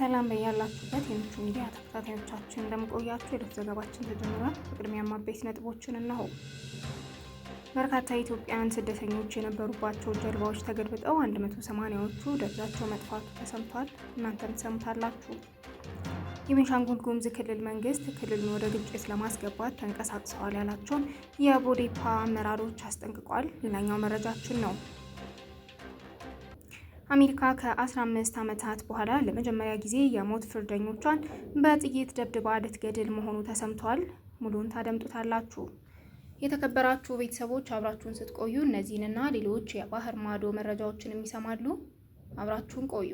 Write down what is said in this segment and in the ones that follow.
ሰላም በያላችሁበት የምቹ ሚዲያ ተከታታዮቻችን እንደምቆያችሁ የዕለት ዘገባችን ተጀምሯል። በቅድሚያ አበይት ነጥቦችን እነሆ። በርካታ ኢትዮጵያውያን ስደተኞች የነበሩባቸው ጀልባዎች ተገልብጠው 180ዎቹ ደብዛቸው መጥፋቱ ተሰምቷል። እናንተም ትሰሙታላችሁ። የቤንሻንጉል ጉሙዝ ክልል መንግስት ክልሉን ወደ ግጭት ለማስገባት ተንቀሳቅሰዋል ያላቸውን የቦዴፓ አመራሮች አስጠንቅቋል። ሌላኛው መረጃችን ነው። አሜሪካ ከ15 ዓመታት በኋላ ለመጀመሪያ ጊዜ የሞት ፍርደኞቿን በጥይት ደብድባ ልትገድል መሆኑ ተሰምቷል። ሙሉን ታደምጡታላችሁ። የተከበራችሁ ቤተሰቦች አብራችሁን ስትቆዩ እነዚህንና ሌሎች የባህር ማዶ መረጃዎችን የሚሰማሉ። አብራችሁን ቆዩ።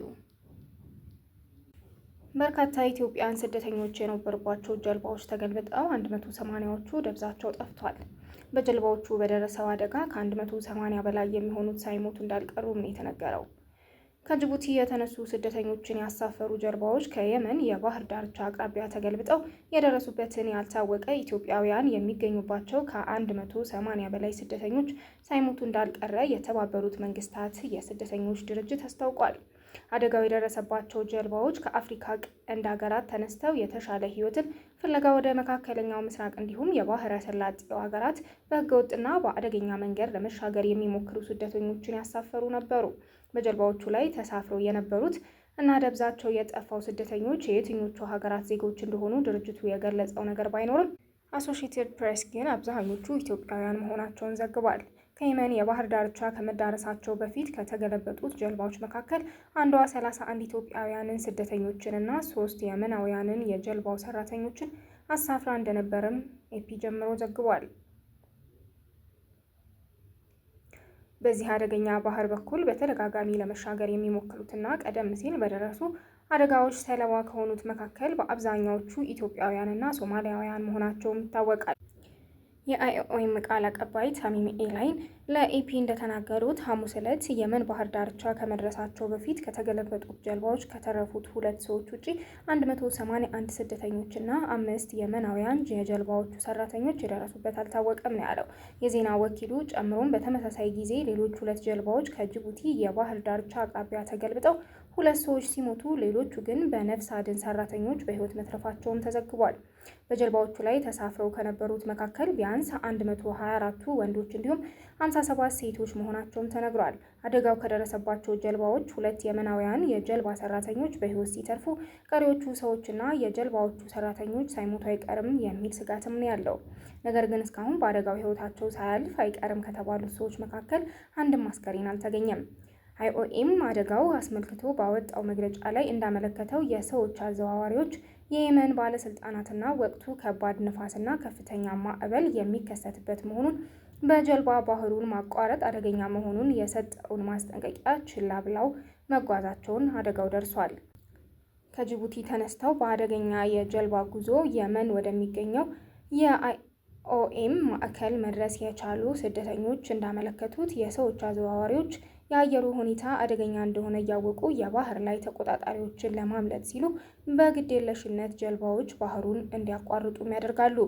በርካታ ኢትዮጵያን ስደተኞች የነበሩባቸው ጀልባዎች ተገልብጠው 180ዎቹ ደብዛቸው ጠፍቷል። በጀልባዎቹ በደረሰው አደጋ ከ180 በላይ የሚሆኑት ሳይሞቱ እንዳልቀሩም ነው የተነገረው። ከጅቡቲ የተነሱ ስደተኞችን ያሳፈሩ ጀልባዎች ከየመን የባህር ዳርቻ አቅራቢያ ተገልብጠው የደረሱበትን ያልታወቀ ኢትዮጵያውያን የሚገኙባቸው ከ180 በላይ ስደተኞች ሳይሞቱ እንዳልቀረ የተባበሩት መንግስታት የስደተኞች ድርጅት አስታውቋል። አደጋው የደረሰባቸው ጀልባዎች ከአፍሪካ ቀንድ ሀገራት ተነስተው የተሻለ ህይወትን ፍለጋ ወደ መካከለኛው ምስራቅ እንዲሁም የባህረ ሰላጤው ሀገራት በህገወጥና በአደገኛ መንገድ ለመሻገር የሚሞክሩ ስደተኞችን ያሳፈሩ ነበሩ። በጀልባዎቹ ላይ ተሳፍረው የነበሩት እና ደብዛቸው የጠፋው ስደተኞች የየትኞቹ ሀገራት ዜጎች እንደሆኑ ድርጅቱ የገለጸው ነገር ባይኖርም አሶሺየትድ ፕሬስ ግን አብዛኞቹ ኢትዮጵያውያን መሆናቸውን ዘግቧል። ከየመን የባህር ዳርቻ ከመዳረሳቸው በፊት ከተገለበጡት ጀልባዎች መካከል አንዷ 31 ኢትዮጵያውያንን ስደተኞችንና ሶስት የመናውያንን የጀልባው ሰራተኞችን አሳፍራ እንደነበርም ኤፒ ጀምሮ ዘግቧል። በዚህ አደገኛ ባህር በኩል በተደጋጋሚ ለመሻገር የሚሞክሩትና ቀደም ሲል በደረሱ አደጋዎች ሰለባ ከሆኑት መካከል በአብዛኛዎቹ ኢትዮጵያውያንና ሶማሊያውያን መሆናቸውም ይታወቃል። የአይኦኤም ቃል አቀባይ ታሚም ኤላይን ለኤፒ እንደተናገሩት ሐሙስ ዕለት የመን ባህር ዳርቻ ከመድረሳቸው በፊት ከተገለበጡት ጀልባዎች ከተረፉት ሁለት ሰዎች ውጪ 181 ስደተኞችና አምስት የመናውያን የጀልባዎቹ ሰራተኞች የደረሱበት አልታወቀም ነው ያለው የዜና ወኪሉ። ጨምሮም በተመሳሳይ ጊዜ ሌሎች ሁለት ጀልባዎች ከጅቡቲ የባህር ዳርቻ አቅራቢያ ተገልብጠው ሁለት ሰዎች ሲሞቱ፣ ሌሎቹ ግን በነፍስ አድን ሰራተኞች በህይወት መትረፋቸውም ተዘግቧል። በጀልባዎቹ ላይ ተሳፍረው ከነበሩት መካከል ቢያንስ 124ቱ ወንዶች እንዲሁም 57 ሴቶች መሆናቸውም ተነግሯል። አደጋው ከደረሰባቸው ጀልባዎች ሁለት የመናውያን የጀልባ ሰራተኞች በሕይወት ሲተርፉ ቀሪዎቹ ሰዎችና የጀልባዎቹ ሰራተኞች ሳይሞቱ አይቀርም የሚል ስጋትም ነው ያለው። ነገር ግን እስካሁን በአደጋው ሕይወታቸው ሳያልፍ አይቀርም ከተባሉት ሰዎች መካከል አንድም አስከሬን አልተገኘም። አይኦኤም አደጋው አስመልክቶ ባወጣው መግለጫ ላይ እንዳመለከተው የሰዎች አዘዋዋሪዎች የየመን ባለስልጣናትና ወቅቱ ከባድ ንፋስና ከፍተኛ ማዕበል የሚከሰትበት መሆኑን በጀልባ ባህሩን ማቋረጥ አደገኛ መሆኑን የሰጠውን ማስጠንቀቂያ ችላ ብለው መጓዛቸውን አደጋው ደርሷል። ከጅቡቲ ተነስተው በአደገኛ የጀልባ ጉዞ የመን ወደሚገኘው የአይኦኤም ማዕከል መድረስ የቻሉ ስደተኞች እንዳመለከቱት የሰዎች አዘዋዋሪዎች የአየሩ ሁኔታ አደገኛ እንደሆነ እያወቁ የባህር ላይ ተቆጣጣሪዎችን ለማምለጥ ሲሉ በግዴለሽነት ጀልባዎች ባህሩን እንዲያቋርጡም ያደርጋሉ።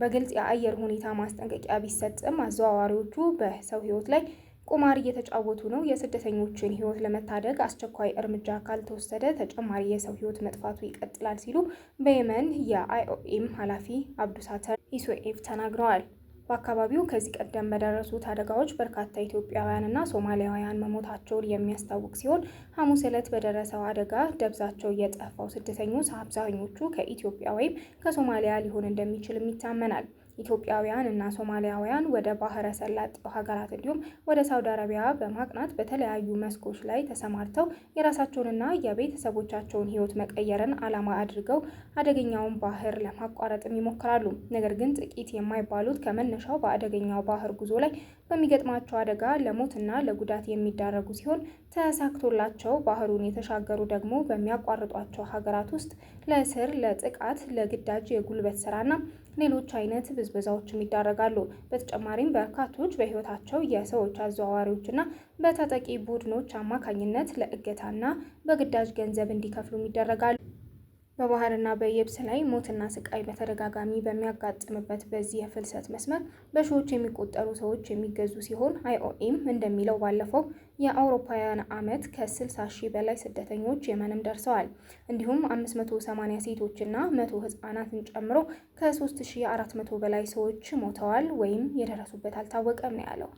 በግልጽ የአየር ሁኔታ ማስጠንቀቂያ ቢሰጥም አዘዋዋሪዎቹ በሰው ሕይወት ላይ ቁማር እየተጫወቱ ነው። የስደተኞችን ሕይወት ለመታደግ አስቸኳይ እርምጃ ካልተወሰደ ተጨማሪ የሰው ሕይወት መጥፋቱ ይቀጥላል ሲሉ በየመን የአይኦኤም ኃላፊ አብዱሳተር ኢሶኤፍ ተናግረዋል። በአካባቢው ከዚህ ቀደም በደረሱት አደጋዎች በርካታ ኢትዮጵያውያንና ሶማሊያውያን መሞታቸውን የሚያስታውቅ ሲሆን ሐሙስ ዕለት በደረሰው አደጋ ደብዛቸው የጠፋው ስደተኞች አብዛኞቹ ከኢትዮጵያ ወይም ከሶማሊያ ሊሆን እንደሚችልም ይታመናል። ኢትዮጵያውያን እና ሶማሊያውያን ወደ ባህረ ሰላጤው ሀገራት እንዲሁም ወደ ሳውዲ አረቢያ በማቅናት በተለያዩ መስኮች ላይ ተሰማርተው የራሳቸውንና የቤተሰቦቻቸውን ሕይወት መቀየርን ዓላማ አድርገው አደገኛውን ባህር ለማቋረጥም ይሞክራሉ። ነገር ግን ጥቂት የማይባሉት ከመነሻው በአደገኛው ባህር ጉዞ ላይ በሚገጥማቸው አደጋ ለሞትና ለጉዳት የሚዳረጉ ሲሆን ተሳክቶላቸው ባህሩን የተሻገሩ ደግሞ በሚያቋርጧቸው ሀገራት ውስጥ ለእስር፣ ለጥቃት፣ ለግዳጅ የጉልበት ስራና ሌሎች አይነት ብዝበዛዎችም ይዳረጋሉ። በተጨማሪም በርካቶች በህይወታቸው የሰዎች አዘዋዋሪዎችና በታጣቂ ቡድኖች አማካኝነት ለእገታና በግዳጅ ገንዘብ እንዲከፍሉም ይደረጋሉ። በባህርና በየብስ ላይ ሞትና ስቃይ በተደጋጋሚ በሚያጋጥምበት በዚህ የፍልሰት መስመር በሺዎች የሚቆጠሩ ሰዎች የሚገዙ ሲሆን አይኦኤም እንደሚለው ባለፈው የአውሮፓውያን ዓመት ከ60 ሺህ በላይ ስደተኞች የመንም ደርሰዋል። እንዲሁም 580 ሴቶችና 100 ህጻናትን ጨምሮ ከ3400 በላይ ሰዎች ሞተዋል ወይም የደረሱበት አልታወቀም ነው ያለው።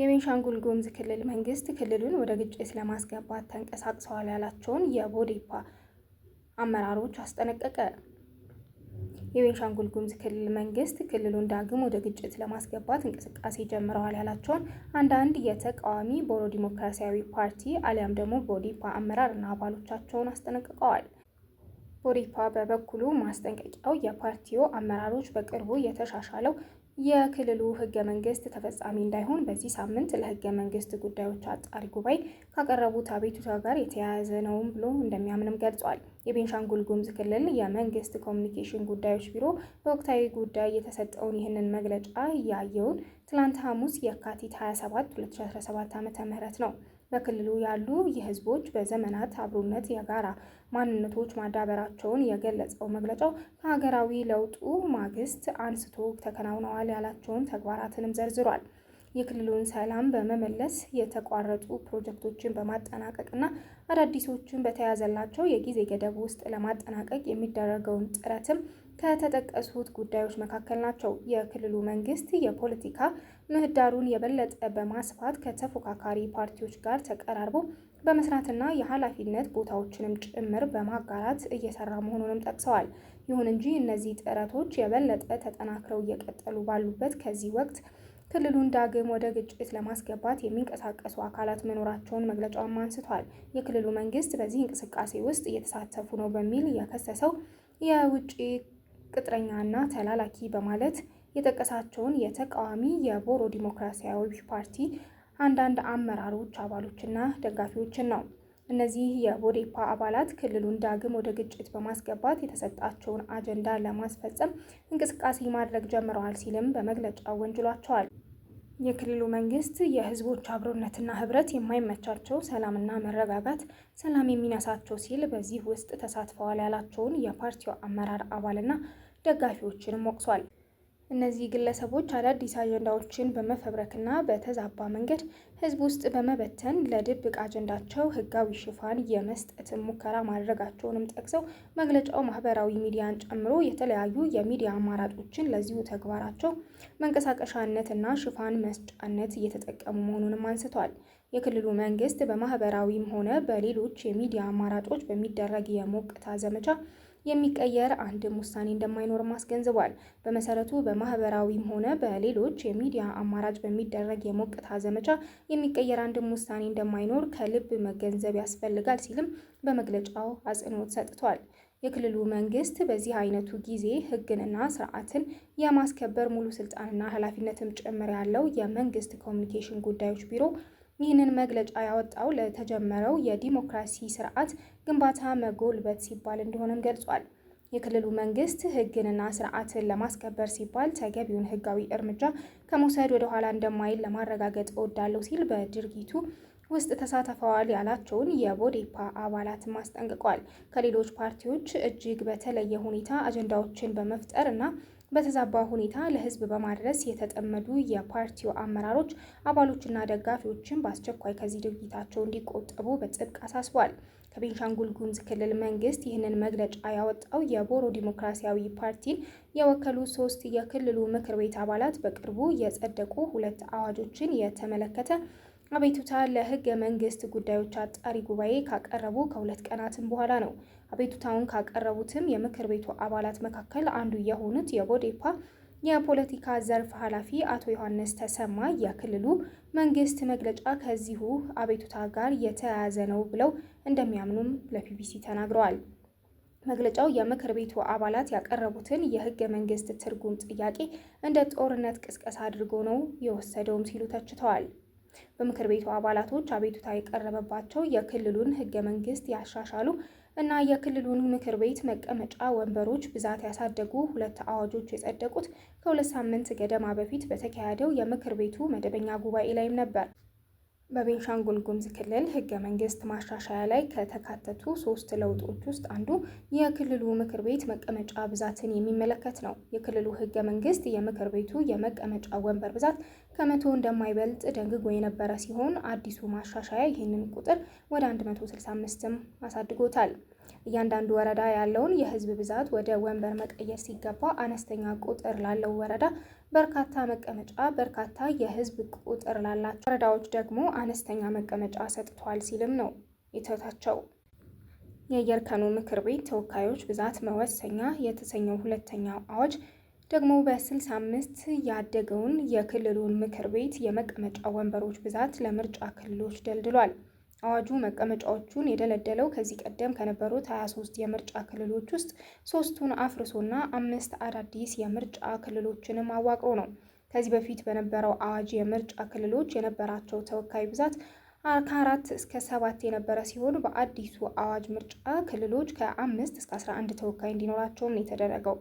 የቤንሻንጉል ጉሙዝ ክልል መንግስት ክልሉን ወደ ግጭት ለማስገባት ተንቀሳቅሰዋል ያላቸውን የቦዴፓ አመራሮች አስጠነቀቀ። የቤንሻንጉል ጉሙዝ ክልል መንግስት ክልሉን ዳግም ወደ ግጭት ለማስገባት እንቅስቃሴ ጀምረዋል ያላቸውን አንዳንድ የተቃዋሚ ቦሮ ዲሞክራሲያዊ ፓርቲ አሊያም ደግሞ ቦዲፓ እና አባሎቻቸውን አስጠነቅቀዋል። ቦዲፓ በበኩሉ ማስጠንቀቂያው የፓርቲው አመራሮች በቅርቡ የተሻሻለው የክልሉ ህገ መንግስት ተፈጻሚ እንዳይሆን በዚህ ሳምንት ለህገ መንግስት ጉዳዮች አጣሪ ጉባኤ ካቀረቡት አቤቱታ ጋር የተያያዘ ነውም ብሎ እንደሚያምንም ገልጿል። የቤንሻንጉል ጉሙዝ ክልል የመንግስት ኮሚኒኬሽን ጉዳዮች ቢሮ በወቅታዊ ጉዳይ የተሰጠውን ይህንን መግለጫ ያየውን ትላንት ሐሙስ የካቲት 27 2017 ም ነው። በክልሉ ያሉ የህዝቦች በዘመናት አብሮነት የጋራ ማንነቶች ማዳበራቸውን የገለጸው መግለጫው ከሀገራዊ ለውጡ ማግስት አንስቶ ተከናውነዋል ያላቸውን ተግባራትንም ዘርዝሯል። የክልሉን ሰላም በመመለስ የተቋረጡ ፕሮጀክቶችን በማጠናቀቅና አዳዲሶችን በተያዘላቸው የጊዜ ገደብ ውስጥ ለማጠናቀቅ የሚደረገውን ጥረትም ከተጠቀሱት ጉዳዮች መካከል ናቸው። የክልሉ መንግስት የፖለቲካ ምህዳሩን የበለጠ በማስፋት ከተፎካካሪ ፓርቲዎች ጋር ተቀራርቦ በመስራትና የኃላፊነት ቦታዎችንም ጭምር በማጋራት እየሰራ መሆኑንም ጠቅሰዋል። ይሁን እንጂ እነዚህ ጥረቶች የበለጠ ተጠናክረው እየቀጠሉ ባሉበት ከዚህ ወቅት ክልሉን ዳግም ወደ ግጭት ለማስገባት የሚንቀሳቀሱ አካላት መኖራቸውን መግለጫውም አንስቷል። የክልሉ መንግስት በዚህ እንቅስቃሴ ውስጥ እየተሳተፉ ነው በሚል የከሰሰው የውጭ ቅጥረኛና ተላላኪ በማለት የጠቀሳቸውን የተቃዋሚ የቦሮ ዲሞክራሲያዊ ፓርቲ አንዳንድ አመራሮች አባሎችና ደጋፊዎችን ነው። እነዚህ የቦዴፓ አባላት ክልሉን ዳግም ወደ ግጭት በማስገባት የተሰጣቸውን አጀንዳ ለማስፈጸም እንቅስቃሴ ማድረግ ጀምረዋል ሲልም በመግለጫ ወንጅሏቸዋል። የክልሉ መንግስት የህዝቦች አብሮነትና ህብረት የማይመቻቸው ሰላምና መረጋጋት ሰላም የሚነሳቸው ሲል በዚህ ውስጥ ተሳትፈዋል ያላቸውን የፓርቲው አመራር አባልና ደጋፊዎችንም ወቅሷል። እነዚህ ግለሰቦች አዳዲስ አጀንዳዎችን በመፈብረክና በተዛባ መንገድ ህዝብ ውስጥ በመበተን ለድብቅ አጀንዳቸው ህጋዊ ሽፋን የመስጠት ሙከራ ማድረጋቸውንም ጠቅሰው መግለጫው ማህበራዊ ሚዲያን ጨምሮ የተለያዩ የሚዲያ አማራጮችን ለዚሁ ተግባራቸው መንቀሳቀሻነት እና ሽፋን መስጫነት እየተጠቀሙ መሆኑንም አንስተዋል። የክልሉ መንግስት በማህበራዊም ሆነ በሌሎች የሚዲያ አማራጮች በሚደረግ የሞቅታ ዘመቻ የሚቀየር አንድም ውሳኔ እንደማይኖር አስገንዝቧል። በመሰረቱ በማህበራዊም ሆነ በሌሎች የሚዲያ አማራጭ በሚደረግ የሞቅታ ዘመቻ የሚቀየር አንድም ውሳኔ እንደማይኖር ከልብ መገንዘብ ያስፈልጋል ሲልም በመግለጫው አጽንኦት ሰጥቷል። የክልሉ መንግስት በዚህ አይነቱ ጊዜ ህግንና ስርዓትን የማስከበር ሙሉ ስልጣንና ኃላፊነትም ጭምር ያለው የመንግስት ኮሚኒኬሽን ጉዳዮች ቢሮ ይህንን መግለጫ ያወጣው ለተጀመረው የዲሞክራሲ ስርዓት ግንባታ መጎልበት ሲባል እንደሆነም ገልጿል። የክልሉ መንግስት ህግንና ስርዓትን ለማስከበር ሲባል ተገቢውን ህጋዊ እርምጃ ከመውሰድ ወደኋላ እንደማይል ለማረጋገጥ እወዳለሁ ሲል በድርጊቱ ውስጥ ተሳተፈዋል ያላቸውን የቦዴፓ አባላትም አስጠንቅቋል። ከሌሎች ፓርቲዎች እጅግ በተለየ ሁኔታ አጀንዳዎችን በመፍጠር እና በተዛባ ሁኔታ ለህዝብ በማድረስ የተጠመዱ የፓርቲው አመራሮች፣ አባሎችና ደጋፊዎችን በአስቸኳይ ከዚህ ድርጊታቸው እንዲቆጠቡ በጥብቅ አሳስቧል። ከቤንሻንጉል ጉምዝ ክልል መንግስት ይህንን መግለጫ ያወጣው የቦሮ ዲሞክራሲያዊ ፓርቲን የወከሉ ሶስት የክልሉ ምክር ቤት አባላት በቅርቡ የጸደቁ ሁለት አዋጆችን የተመለከተ አቤቱታ ለህገ መንግስት ጉዳዮች አጣሪ ጉባኤ ካቀረቡ ከሁለት ቀናትም በኋላ ነው። አቤቱታውን ካቀረቡትም የምክር ቤቱ አባላት መካከል አንዱ የሆኑት የቦዴፓ የፖለቲካ ዘርፍ ኃላፊ አቶ ዮሐንስ ተሰማ የክልሉ መንግስት መግለጫ ከዚሁ አቤቱታ ጋር የተያያዘ ነው ብለው እንደሚያምኑም ለቢቢሲ ተናግረዋል። መግለጫው የምክር ቤቱ አባላት ያቀረቡትን የህገ መንግስት ትርጉም ጥያቄ እንደ ጦርነት ቅስቀሳ አድርጎ ነው የወሰደውም ሲሉ ተችተዋል። በምክር ቤቱ አባላቶች አቤቱታ የቀረበባቸው የክልሉን ህገ መንግስት ያሻሻሉ እና የክልሉን ምክር ቤት መቀመጫ ወንበሮች ብዛት ያሳደጉ ሁለት አዋጆች የጸደቁት ከሁለት ሳምንት ገደማ በፊት በተካሄደው የምክር ቤቱ መደበኛ ጉባኤ ላይም ነበር። በቤንሻንጉል ጉምዝ ክልል ህገ መንግስት ማሻሻያ ላይ ከተካተቱ ሶስት ለውጦች ውስጥ አንዱ የክልሉ ምክር ቤት መቀመጫ ብዛትን የሚመለከት ነው። የክልሉ ህገ መንግስት የምክር ቤቱ የመቀመጫ ወንበር ብዛት ከመቶ እንደማይበልጥ ደግጎ የነበረ ሲሆን አዲሱ ማሻሻያ ይህንን ቁጥር ወደ 165ም አሳድጎታል። እያንዳንዱ ወረዳ ያለውን የህዝብ ብዛት ወደ ወንበር መቀየር ሲገባ አነስተኛ ቁጥር ላለው ወረዳ በርካታ መቀመጫ፣ በርካታ የህዝብ ቁጥር ላላቸው ወረዳዎች ደግሞ አነስተኛ መቀመጫ ሰጥቷል ሲልም ነው የተታቸው። የየእርከኑ ምክር ቤት ተወካዮች ብዛት መወሰኛ የተሰኘው ሁለተኛው አዋጅ ደግሞ በ65 ያደገውን የክልሉን ምክር ቤት የመቀመጫ ወንበሮች ብዛት ለምርጫ ክልሎች ደልድሏል። አዋጁ መቀመጫዎቹን የደለደለው ከዚህ ቀደም ከነበሩት 23 የምርጫ ክልሎች ውስጥ ሶስቱን አፍርሶና አምስት አዳዲስ የምርጫ ክልሎችንም አዋቅሮ ነው። ከዚህ በፊት በነበረው አዋጅ የምርጫ ክልሎች የነበራቸው ተወካይ ብዛት ከአራት እስከ ሰባት የነበረ ሲሆን በአዲሱ አዋጅ ምርጫ ክልሎች ከአምስት እስከ 11 ተወካይ እንዲኖራቸውም የተደረገው።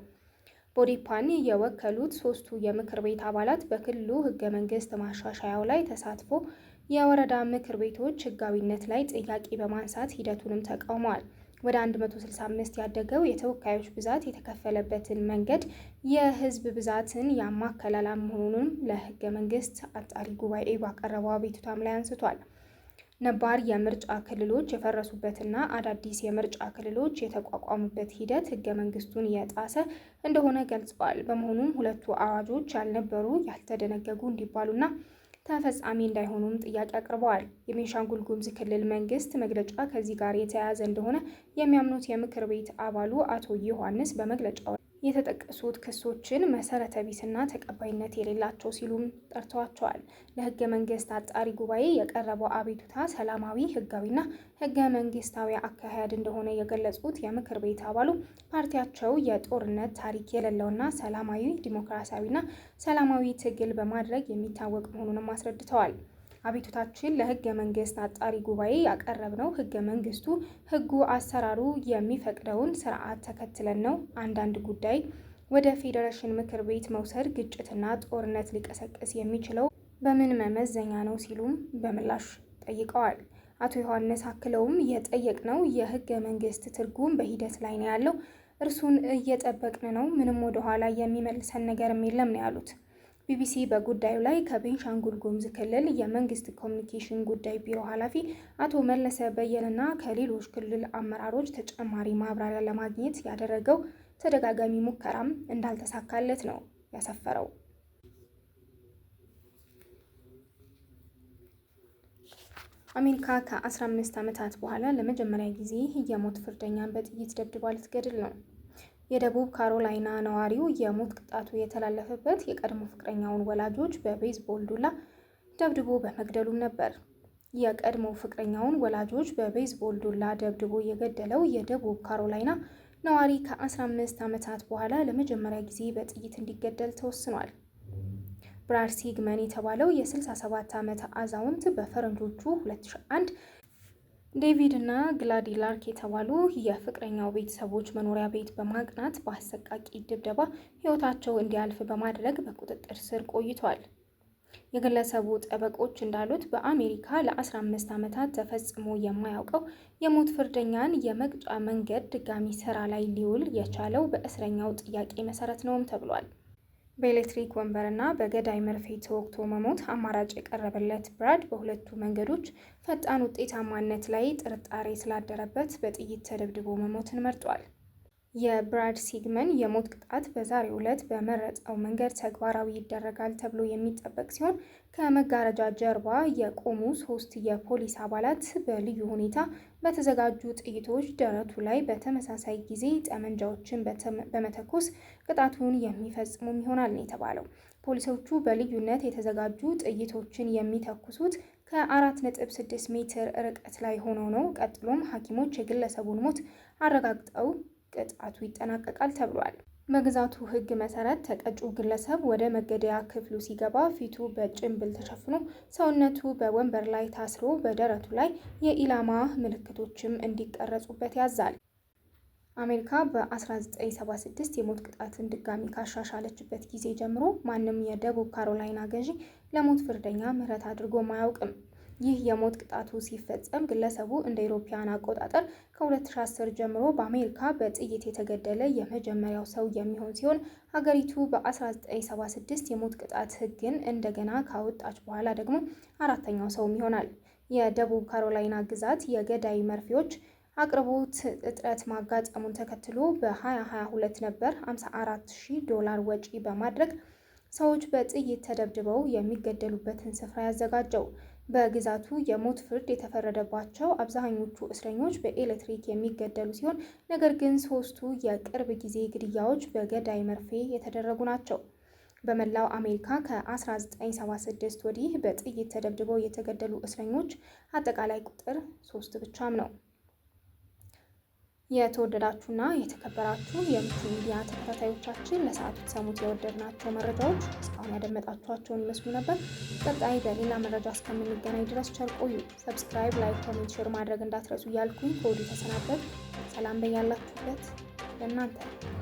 ቦዲፓኒ የወከሉት ሶስቱ የምክር ቤት አባላት በክልሉ ህገ መንግስት ማሻሻያው ላይ ተሳትፎ የወረዳ ምክር ቤቶች ህጋዊነት ላይ ጥያቄ በማንሳት ሂደቱንም ተቃውመዋል። ወደ 165 ያደገው የተወካዮች ብዛት የተከፈለበትን መንገድ የህዝብ ብዛትን ያማከላላ መሆኑንም ለህገ መንግስት አጣሪ ጉባኤ ባቀረበው አቤቱታም ላይ አንስቷል። ነባር የምርጫ ክልሎች የፈረሱበትና አዳዲስ የምርጫ ክልሎች የተቋቋሙበት ሂደት ህገ መንግስቱን የጣሰ እንደሆነ ገልጸዋል። በመሆኑም ሁለቱ አዋጆች ያልነበሩ ያልተደነገጉ እንዲባሉና ተፈጻሚ እንዳይሆኑም ጥያቄ አቅርበዋል። የቤንሻንጉል ጉምዝ ክልል መንግስት መግለጫ ከዚህ ጋር የተያያዘ እንደሆነ የሚያምኑት የምክር ቤት አባሉ አቶ ዮሐንስ በመግለጫው የተጠቀሱት ክሶችን መሰረተ ቢስና ተቀባይነት የሌላቸው ሲሉም ጠርተዋቸዋል። ለህገ መንግስት አጣሪ ጉባኤ የቀረበው አቤቱታ ሰላማዊ፣ ህጋዊና ህገ መንግስታዊ አካሄድ እንደሆነ የገለጹት የምክር ቤት አባሉ ፓርቲያቸው የጦርነት ታሪክ የሌለውና ሰላማዊ ዲሞክራሲያዊና ሰላማዊ ትግል በማድረግ የሚታወቅ መሆኑንም አስረድተዋል። አቤቱታችን ለህገ መንግስት አጣሪ ጉባኤ ነው። ህገ መንግስቱ ህጉ አሰራሩ የሚፈቅደውን ስርዓት ተከትለን ነው። አንዳንድ ጉዳይ ወደ ፌዴሬሽን ምክር ቤት መውሰድ ግጭትና ጦርነት ሊቀሰቅስ የሚችለው በምን መመዘኛ ነው ሲሉም በምላሽ ጠይቀዋል። አቶ ዮሐንስ አክለውም የጠየቅነው የህገ መንግስት ትርጉም በሂደት ላይ ነው ያለው፣ እርሱን እየጠበቅን ነው፣ ምንም ወደኋላ የሚመልሰን ነገርም የለም ነው ያሉት። ቢቢሲ በጉዳዩ ላይ ከቤንሻንጉል ጉሙዝ ክልል የመንግስት ኮሚኒኬሽን ጉዳይ ቢሮ ኃላፊ አቶ መለሰ በየንና ከሌሎች ክልል አመራሮች ተጨማሪ ማብራሪያ ለማግኘት ያደረገው ተደጋጋሚ ሙከራም እንዳልተሳካለት ነው ያሰፈረው። አሜሪካ ከ15 ዓመታት በኋላ ለመጀመሪያ ጊዜ የሞት ፍርደኛን በጥይት ደብድባ ልትገድል ነው። የደቡብ ካሮላይና ነዋሪው የሞት ቅጣቱ የተላለፈበት የቀድሞ ፍቅረኛውን ወላጆች በቤዝቦል ዱላ ደብድቦ በመግደሉም ነበር። የቀድሞ ፍቅረኛውን ወላጆች በቤዝቦል ዱላ ደብድቦ የገደለው የደቡብ ካሮላይና ነዋሪ ከ15 ዓመታት በኋላ ለመጀመሪያ ጊዜ በጥይት እንዲገደል ተወስኗል። ብራድ ሲግመን የተባለው የ67 ዓመት አዛውንት በፈረንጆቹ 2001 ዴቪድ እና ግላዲ ላርክ የተባሉ የፍቅረኛው ቤተሰቦች መኖሪያ ቤት በማቅናት በአሰቃቂ ድብደባ ሕይወታቸው እንዲያልፍ በማድረግ በቁጥጥር ስር ቆይቷል። የግለሰቡ ጠበቆች እንዳሉት በአሜሪካ ለ15 ዓመታት ተፈጽሞ የማያውቀው የሞት ፍርደኛን የመቅጫ መንገድ ድጋሚ ስራ ላይ ሊውል የቻለው በእስረኛው ጥያቄ መሰረት ነውም ተብሏል። በኤሌክትሪክ ወንበርና በገዳይ መርፌ ተወግቶ መሞት አማራጭ የቀረበለት ብራድ በሁለቱ መንገዶች ፈጣን ውጤታማነት ላይ ጥርጣሬ ስላደረበት በጥይት ተደብድቦ መሞትን መርጧል። የብራድ ሲግመን የሞት ቅጣት በዛሬው ዕለት በመረጠው መንገድ ተግባራዊ ይደረጋል ተብሎ የሚጠበቅ ሲሆን ከመጋረጃ ጀርባ የቆሙ ሶስት የፖሊስ አባላት በልዩ ሁኔታ በተዘጋጁ ጥይቶች ደረቱ ላይ በተመሳሳይ ጊዜ ጠመንጃዎችን በመተኮስ ቅጣቱን የሚፈጽሙም ይሆናል ነው የተባለው። ፖሊሶቹ በልዩነት የተዘጋጁ ጥይቶችን የሚተኩሱት ከ4.6 ሜትር ርቀት ላይ ሆኖ ነው። ቀጥሎም ሐኪሞች የግለሰቡን ሞት አረጋግጠው ቅጣቱ ይጠናቀቃል ተብሏል። በግዛቱ ሕግ መሰረት ተቀጩ ግለሰብ ወደ መገደያ ክፍሉ ሲገባ ፊቱ በጭንብል ተሸፍኖ ሰውነቱ በወንበር ላይ ታስሮ በደረቱ ላይ የኢላማ ምልክቶችም እንዲቀረጹበት ያዛል። አሜሪካ በ1976 የሞት ቅጣትን ድጋሚ ካሻሻለችበት ጊዜ ጀምሮ ማንም የደቡብ ካሮላይና ገዢ ለሞት ፍርደኛ ምህረት አድርጎም አያውቅም። ይህ የሞት ቅጣቱ ሲፈጸም ግለሰቡ እንደ ኢሮፓያን አቆጣጠር ከ2010 ጀምሮ በአሜሪካ በጥይት የተገደለ የመጀመሪያው ሰው የሚሆን ሲሆን ሀገሪቱ በ1976 የሞት ቅጣት ሕግን እንደገና ካወጣች በኋላ ደግሞ አራተኛው ሰውም ይሆናል። የደቡብ ካሮላይና ግዛት የገዳይ መርፌዎች አቅርቦት እጥረት ማጋጠሙን ተከትሎ በ2022 ነበር 54000 ዶላር ወጪ በማድረግ ሰዎች በጥይት ተደብድበው የሚገደሉበትን ስፍራ ያዘጋጀው። በግዛቱ የሞት ፍርድ የተፈረደባቸው አብዛኞቹ እስረኞች በኤሌክትሪክ የሚገደሉ ሲሆን፣ ነገር ግን ሶስቱ የቅርብ ጊዜ ግድያዎች በገዳይ መርፌ የተደረጉ ናቸው። በመላው አሜሪካ ከ1976 ወዲህ በጥይት ተደብድበው የተገደሉ እስረኞች አጠቃላይ ቁጥር ሶስት ብቻም ነው። የተወደዳችሁና የተከበራችሁ የምቹ ሚዲያ ተከታታዮቻችን ለሰዓቱ ሰሙት የወደድናቸው መረጃዎች እስካሁን ያደመጣችኋቸውን ይመስሉ ነበር። ቀጣይ በሌላ መረጃ እስከምንገናኝ ድረስ ቸር ቆዩ። ሰብስክራይብ፣ ላይክ፣ ኮሜንት፣ ሼር ማድረግ እንዳትረሱ እያልኩኝ ከወዲሁ ተሰናበት። ሰላም በያላችሁበት ለእናንተ